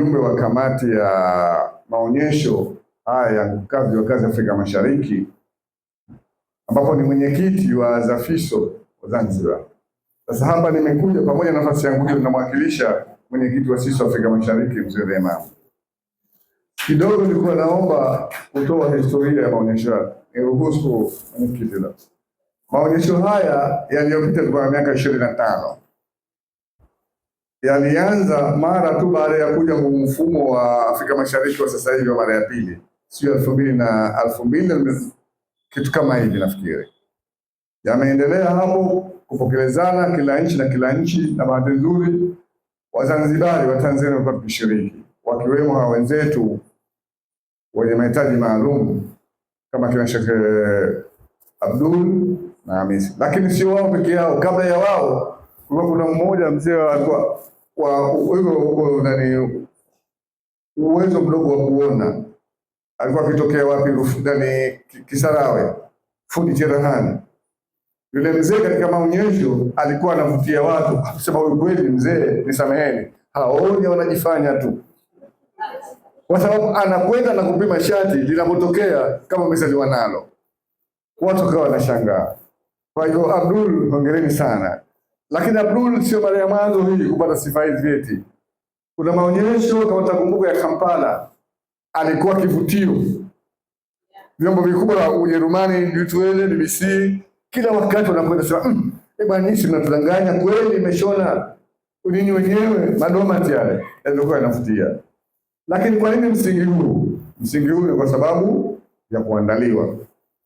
mjumbe wa kamati ya maonyesho haya ya nguvu wa kazi Afrika Mashariki, ambapo ni mwenyekiti wa ZAFISO Zanzibar. Sasa hapa nimekuja pamoja na nafasi yangu hiyo, ninamwakilisha mwenyekiti wa SISO Afrika Mashariki mzee Rema. Kidogo nilikuwa naomba kutoa historia ya maonyesho haya, niruhusu mwenyekiti. Maonyesho haya yaliyopita tulikuwa na miaka ishirini na tano yalianza mara tu baada ya kuja mfumo wa Afrika Mashariki wa sasa hivi wa mara ya pili, sio elfu mbili na elfu mbili kitu kama hivi nafikiri. Yameendelea hapo kupokelezana kila nchi na kila nchi, na bahati nzuri Wazanzibari wa Tanzania walikuwa tukishiriki, wakiwemo hawa wenzetu wenye mahitaji maalum kama kina Sheikh eh, Abdul na Hamisi, lakini sio wao peke yao, kabla ya wao kuna mmoja mzee wa nani uwezo mdogo wa kuona alikuwa akitokea wapi ndani Kisarawe, fundi cherehani. Yule mzee katika maonyesho alikuwa anavutia watu, akisema huyu kweli mzee, nisameheni, haoni wanajifanya tu, kwa sababu anakwenda na kupima shati linapotokea kama amezaliwa nalo. Watu kawa wanashangaa. Kwa hivyo, Abdul, hongereni sana. Lakini Abdul sio mara ya mwanzo hii kupata sifa hizi vyeti. Kuna maonyesho kama takumbuka ya Kampala, alikuwa kivutio. Vyombo vikubwa vya Ujerumani, Deutsche BBC, kila wakati wanakwenda sema mm, eh bwana nisi mnatudanganya kweli imeshona unini wenyewe madomati yale yalikuwa yanavutia. Lakini kwa nini msingi huu? Msingi huu ni kwa sababu ya kuandaliwa.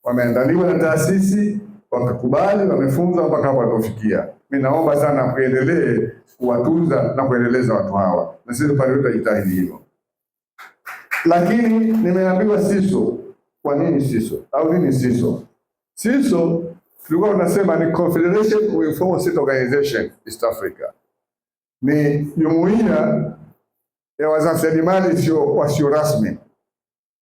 Wameandaliwa na taasisi, wakakubali, wamefunzwa mpaka hapo walipofikia mimi naomba sana kuendelee kuwatunza na kuendeleza watu hawa, na sisi pale tutajitahidi hivyo. Lakini nimeambiwa Siso. Kwa nini Siso au nini Siso? Siso tulikuwa tunasema ni Confederation of Informal Sector Organization East Africa, ni jumuiya ya wajasiriamali sio wasio rasmi,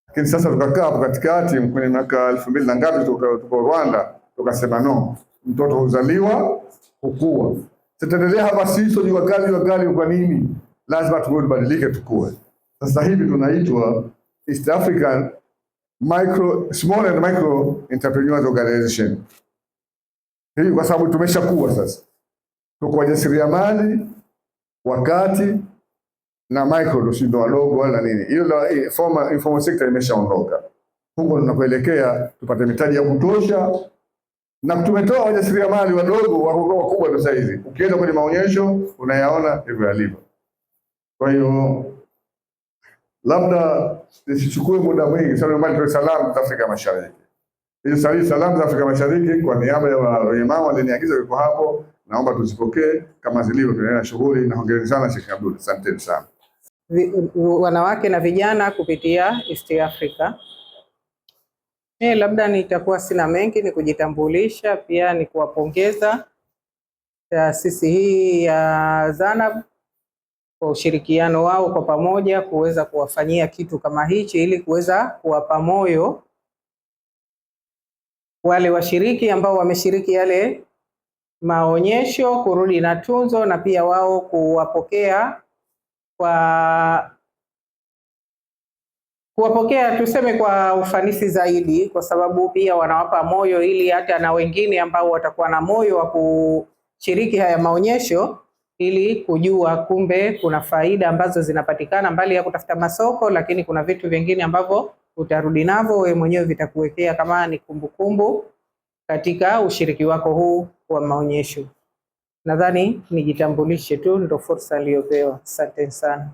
lakini sasa tukakaa hapo katikati kwenye miaka elfu mbili na ngapi, tuko Rwanda tukasema no, mtoto huzaliwa kukua. Tutaendelea hapa sisi jua kali jua kali kwa nini? Lazima tubadilike tukue. Sasa hivi tunaitwa East African Micro Small and Micro Entrepreneurs Organization. Hii kwa sababu tumeshakuwa sasa. Tuko wajasiriamali wakati na micro ndio wadogo wala nini. Hiyo la eh, formal informal sector imeshaondoka. Huko tunakoelekea tupate mitaji ya kutosha na tumetoa wajasiriamali wadogo wakokuwa wakubwa tu sasa hizi. Ukienda kwenye maonyesho unayaona hivyo yalivyo. Kwa hiyo labda nisichukue muda mwingi sana, mbali tu salamu za Afrika Mashariki. Hizi sali salamu za Afrika Mashariki kwa niaba ya waimamu waliniagiza yuko hapo, naomba tuzipokee kama zilivyo, tunaenda shughuli na hongereni sana Sheikh Abdul. Asanteni sana wanawake na vijana kupitia East Africa E, labda nitakuwa sina mengi, ni kujitambulisha pia ni kuwapongeza taasisi hii ya Zanab kwa ushirikiano wao kwa pamoja kuweza kuwafanyia kitu kama hichi ili kuweza kuwapa moyo wale washiriki ambao wameshiriki yale maonyesho kurudi na tunzo na pia wao kuwapokea kwa kuwapokea tuseme kwa ufanisi zaidi, kwa sababu pia wanawapa moyo ili hata na wengine ambao watakuwa na moyo wa kushiriki haya maonyesho ili kujua kumbe kuna faida ambazo zinapatikana mbali ya kutafuta masoko, lakini kuna vitu vingine ambavyo utarudi navyo wewe mwenyewe, vitakuwekea kama ni kumbukumbu kumbu katika ushiriki wako huu wa maonyesho. Nadhani nijitambulishe tu, ndo fursa aliyopewa. Asante sana.